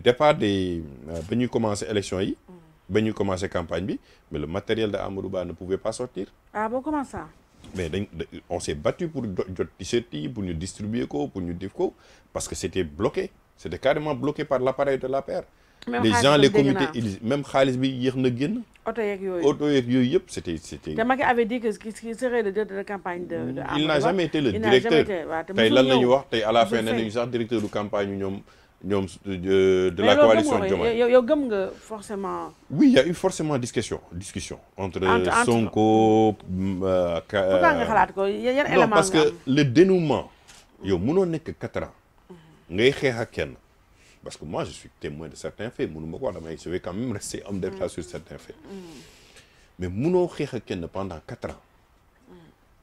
départ des euh, a commencé élection yi. a commencé campagne bi mais le matériel de Amourouba ne pouvait pas sortir. ah bon comment ça. mais on s'est battu pour jot pour nous distribuer pour nous dire parce que c'était bloqué c'était carrément bloqué par l'appareil de la paire. les gens les comités même Khalis bi yex na guen auto ils yoy auto yeeg yoy c'était c'était. avait dit que qu'il serait le directeur de campagne de il n'a jamais été le directeur tay lan la wax tay à la fin né sax directeur de campagne euh, de la coalition forcément. oui il y a eu forcément discussion discussion. entre Sonko. Mm, euh, parce que le dénouement. yo muno nek 4 ans. ngay parce que moi je suis témoin de certains faits muno ko wax damay je vais quand même rester homme d'état mm. sur certains faits. Mm. mais muno pendant 4 ans.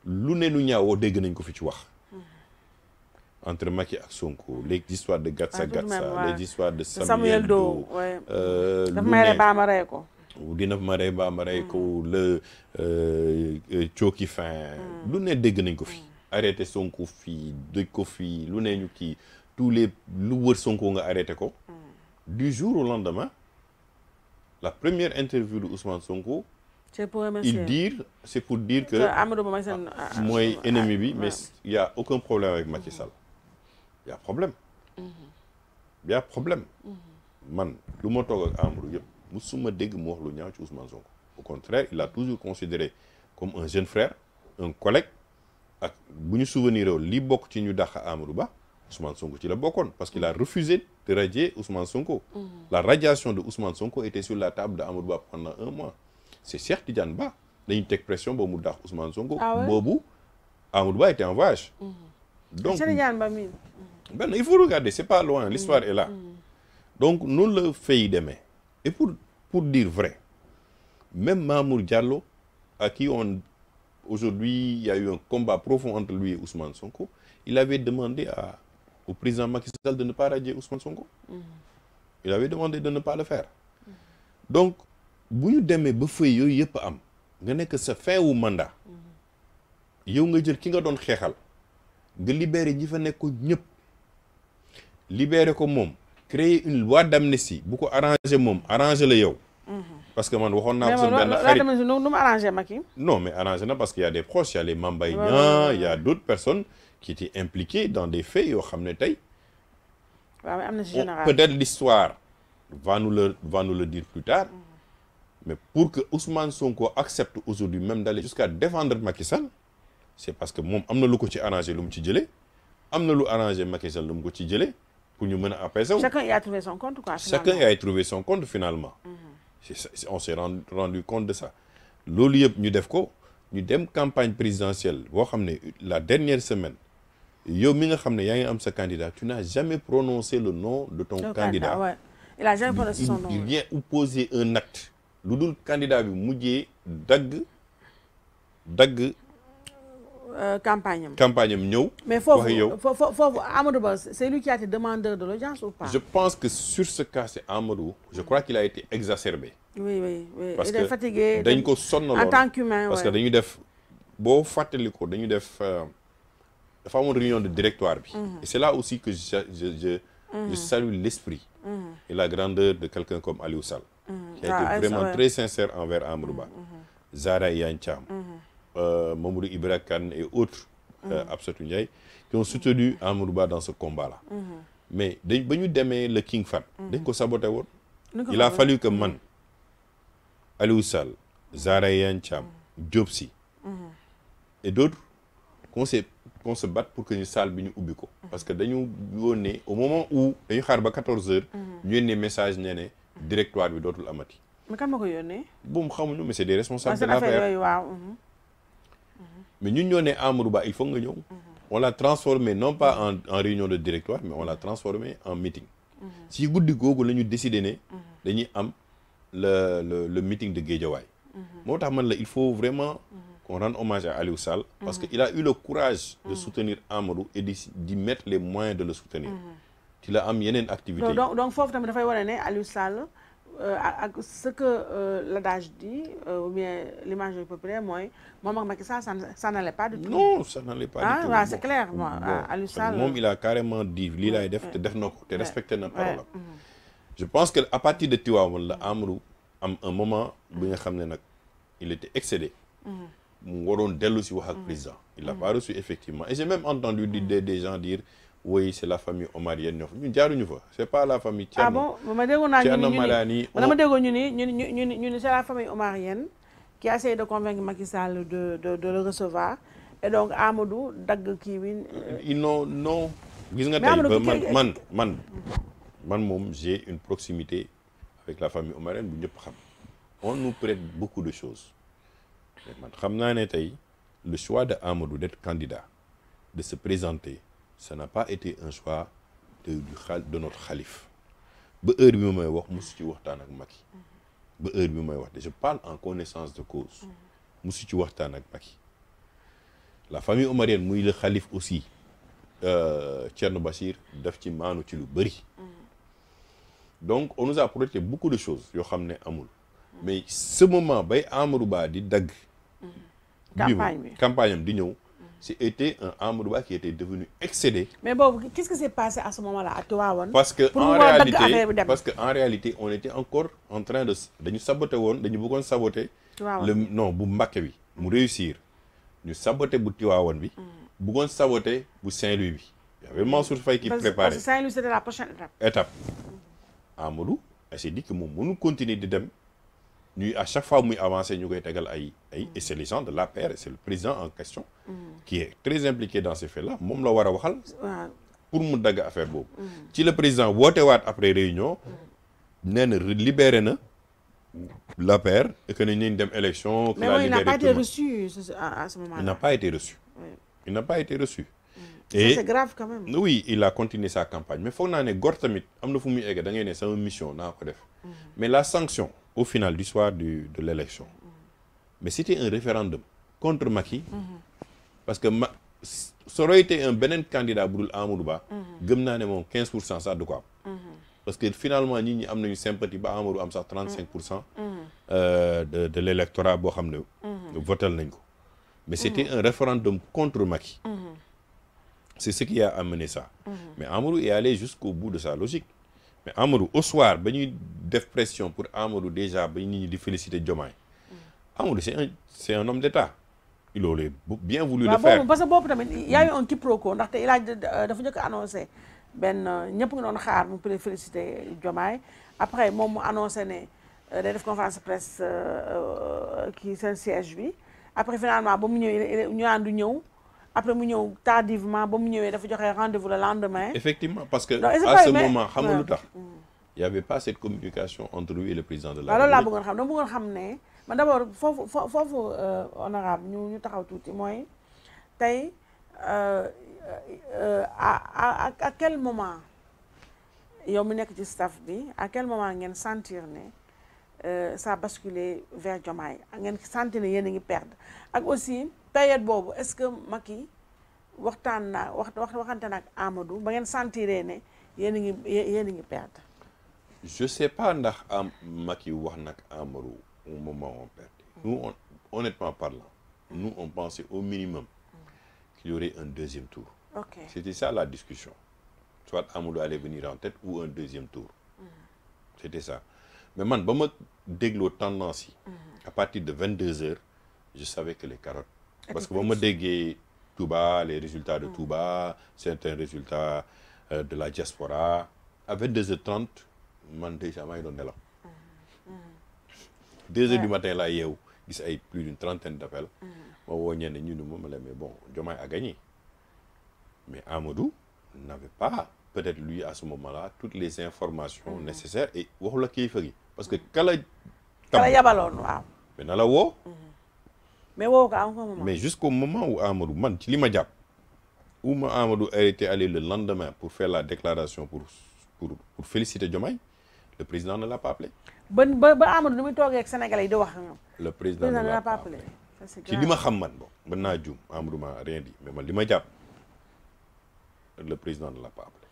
lu ne nu eu deg nañ ko fi ci wax entre Macky et Sonko les l'histoire de Gatsa ah, Gatsa les l'histoire de Samuel Do, euh, daf ou rey ba ma bamareko hmm. le cooki euh, fin hmm. lu ne dégg Arrêtez ko fi hmm. Arrêter Sonko fii ko lu tous les loueurs wër Sonko nga arrêté ko du jour au lendemain la première interview de Ousmane Sonko C'est pour dire, c'est pour dire que, moi, ah, ah, ennemi, ah, mais il n'y a aucun problème avec Macky Sall. Il y' a problème. Il mhm. y' a problème. Mhm. man le ma toog ak Amadou yëpp musuma dégg mu wax lu Ousmane Sonko au contraire il a toujours considéré comme un jeune frère un collègue ak bu ñu souvenir li ce ci ñu dàq Amadou Ba Ousmane Sonko ci la bokkoon parce qu'il a mhm. refusé de radier Ousmane Sonko. la radiation de Ousmane Sonko était sur la table d'Amrouba pendant un mois C'est certes, Cheikh Tidiane Ba dañu teg pression ba mu dàq Ousmane Sonko. Ah boobu Amadou Ba était en voyage. donc Cheikh Tidiane Ba ben, il faut regarder, c'est pas loin, l'histoire mm, est là. Mm. Donc, nous le faisons demain. Et pour, pour dire vrai, même Mamour Diallo, à qui aujourd'hui il y a eu un combat profond entre lui et Ousmane Sonko, il avait demandé au président Macky Sall de ne pas radier Ousmane Sonko. Mm. Il avait demandé de ne pas le faire. Donc, bu ñu demee ba fay yooyu yëpp am nga nekk sa fin mandat yow nga jël ki nga doon xeexal nga libéré ñi fa libérer ko mom créer une loi d'amnistie bu ko arrangé arranger les la yow. Mhm. parce que man waxon na sun ben xarit mais arranger mu non mais arranger na parce qu'il y a des proches il y a les Mame il y a d'autres personnes qui étaient impliquées dans des faits yo xamné tay peut-être l'histoire va nous le va nous le dire plus tard. Mhm. mais pour que Ousmane Sonko accepte aujourd'hui même d'aller jusqu'à défendre Macky Sall c'est parce que mom amna lu ko ci arrangé lu mu ci jëlee amna lu arrangé Macky Sall lu mu ko ci pour ñu mën a apaiser chacun y a trouvé son compte quoi. finalement chacun y a trouvé son compte finalement. Mhm. c'est on s'est rendu rendu compte de ça. loolu yëpp ñu def ko ñu campagne présidentielle boo xam la dernière semaine yow mi nga xam ne yaa am sa candidat tu n'as jamais prononcé le nom de ton. Le candidat ouais. il a jamais prononcé son nom. il vient opposer un acte. lu candidat bi mujjee Dag. Euh, campagne campagne mais c'est lui qui a été demandeur de l'audience ou pas. je pense que sur ce cas c'est Amadou. je crois qu'il a été exacerbé. oui oui oui parce que fatigué en tant qu'humain parce que nous def fait fàttali euh, réunion de directoire mhm. et c'est là aussi que je mhm. salue l'esprit. Mhm. et la grandeur de quelqu'un comme Aliou Oussal, qui a été ah, vraiment très sincère envers Amadou Zara Yancham euh, Ibrakan et autres, euh, mhm. qui ont soutenu Amourba dans ce combat-là. Mhm. Mais quand nous avons le King Fat, mhm. il a fallu que man, Aliou Sall, Zara Yancham, Diopsi et d'autres, qu'on se, qu se battre pour que nous salle nous ubiko. Parce que nous, au moment où, nous avons 14 heures, nous avons un message directoire de l'autre Amati. Mais comment vous avez Bon, mais c'est des responsables de l'affaire mais nous, nous sommes à il faut que mhm. on l'a transformé non pas en réunion de directoire mais on l'a transformé en meeting. Mhm. si dites que nous nous décidé de mhm. dañuy le le le meeting de Guédiawaye. il faut vraiment. qu'on rende hommage à Aliou Sall. parce que il a eu le courage. de soutenir Amadou et d'y mettre les moyens de le soutenir. Il a amené une activité donc donc à euh, ce que euh, l'adage dit euh, ou bien l'image populaire moi, moi, moi, ça, Sall ça n'allait pas du tout. non ça n'allait pas du hein? tout. ah c'est clair moi il a carrément dit lii laay def te def respecté mm-hmm. je pense qu'à partir de Tivaouane la à un moment il était excédé. Mm-hmm. dellu si mm-hmm. il l'a pas reçu effectivement et j'ai même entendu des gens dire. Oui, c'est la famille omarienne ñoo fa ñun jaaruñu c'est pas la famille Thierno. ah bon ma déggoon naa ñu ni On ma ni c'est la famille omarienne qui a essayé de convaincre Macky Sall de de de le recevoir et donc Amadou Dag kii euh, non non. Mais nga tey man man man j'ai une proximité avec la famille omarienne on nous prête beaucoup de choses Mais sais que le choix d'Amadou d'être candidat de se présenter ça n'a pas été un choix de de notre calife. Mhm. je parle en connaissance de cause mhm. la famille omarienne le calife aussi euh, Bachir mhm. donc on nous a projeté beaucoup de choses yoo mais ce moment bay campagne campagne c'était un Amouroua qui était devenu excédé. Mais bon, qu'est-ce qui s'est passé à ce moment-là à Touawan Parce que en réalité, parce que en réalité, on était encore en train de, de nous saboter, de nous saboter. Le, non, pour Mbakawi, pour réussir, nous saboter pour Touawan, mm. pour saboter pour Saint-Louis. Il y avait Mansour Faye qui préparait. Parce que Saint-Louis, c'était la prochaine étape. étape. elle s'est dit que mon nous continuer de demain à chaque fois muy avancé nous koy tegal ay ay et c'est les gens de la paire c'est le président en question qui est très impliqué dans ces faits là la pour nous faire affaire boobu Si le président vote après réunion nee na libéré la et que nous avons dem élection mais il n'a pas été reçu à ce moment-là il n'a pas été reçu il n'a pas été reçu c'est grave quand même oui il a continué sa campagne mais il faut que nous tamit une mission mm-hmm. mais la sanction au final du soir de l'élection. Mais c'était un référendum contre Macky. Parce que ça aurait été un bénin candidat à Amourouba. Il 15 ça de parce que finalement nous a eu sympathie ba 35 euh, de l'électorat. mais c'était un référendum contre Macky. C'est ce qui a amené ça. mais Amourou est allé jusqu'au bout de sa logique mais Amadou au soir ba ñuy def pression pour Amadou déjà ba nit ñi di féliciter Diomaye Amadou c'est un c'est un homme d'État il aurait bien voulu le faire parce que boobu Il y a eu un quiproquo ndaxte il a euh, dafa njëkk annoncé benn ñëpp nga doon xaar mu féliciter Diomaye après moom mu annoncé né euh, day def conférence de presse qui euh, s'est siège bi après finalement ba mu ñëw ñu àndu ñëw après nous ñëw tardivement ba mu dafa rendez-vous le lendemain. effectivement parce que. à ce moment il nga avait pas cette communication entre lui et le président de la. Bah, République. loolu là bëggoon xam dama bëggoon xam ne man d'abord foofu foofu euh, honorable nous ñu taxaw tuuti mooy euh, euh à à quel moment yow mi nekk ci staff bi à quel moment vous sentir ne euh, ça basculé vers Diomaye Vous sentir que vous a ngi perdre aussi est-ce que Maki waxtaan naa wax waxante Amadou ba ne ngi ngi je sais pas ndax am wax Amadou au moment où on perd mm. nous honnêtement parlant nous on pensait au minimum qu'il y aurait un deuxième tour. c'était ça la discussion soit Amadou allait venir en tête ou un deuxième tour. Mm. c'était ça mais man ba ma tendance mm. à partir de 22 h je savais que les carottes. Parce que vous me déguez bas les résultats de mm. Touba, certains résultats euh, de la diaspora. Avec 2h30, je déjà donné là. 2h du matin, là, il y a plus d'une trentaine d'appels. Moi, je suis mais bon, Diomaye a gagné. Mais Amadou n'avait pas, peut-être lui, à ce moment-là, toutes les informations mm. nécessaires. Et voilà qui est Parce que quand il y a un mais mais jusqu'au moment où Amadou man ci li Amadou a été allé le lendemain pour faire la déclaration pour pour pour féliciter Diomaye le président ne l'a pas appelé. Ben ba Amadou Sénégalais le président ne l'a pas appelé ci li rien dit mais man le président ne l'a pas appelé.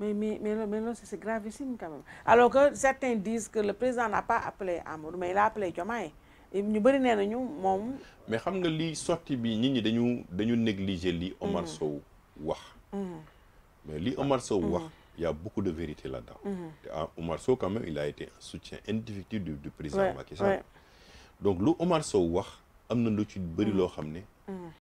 Mais, mais, mais, c'est gravissime quand même. Alors que certains disent que le président n'a pas appelé Amadou, mais il a appelé Diomaye ñu bëri nee mais xam nga lii sorti bi nit ñi dañu dañu négliger li Omar mm. Sow wax. Mm. mais li Omar Sow mm. wax. il y a beaucoup de vérité là-dedans. Ah, Omar Sow quand même il a été un soutien individuel du du président Macky Sall. donc lu Omar Sow wax am na lu ci bëri loo xam ne.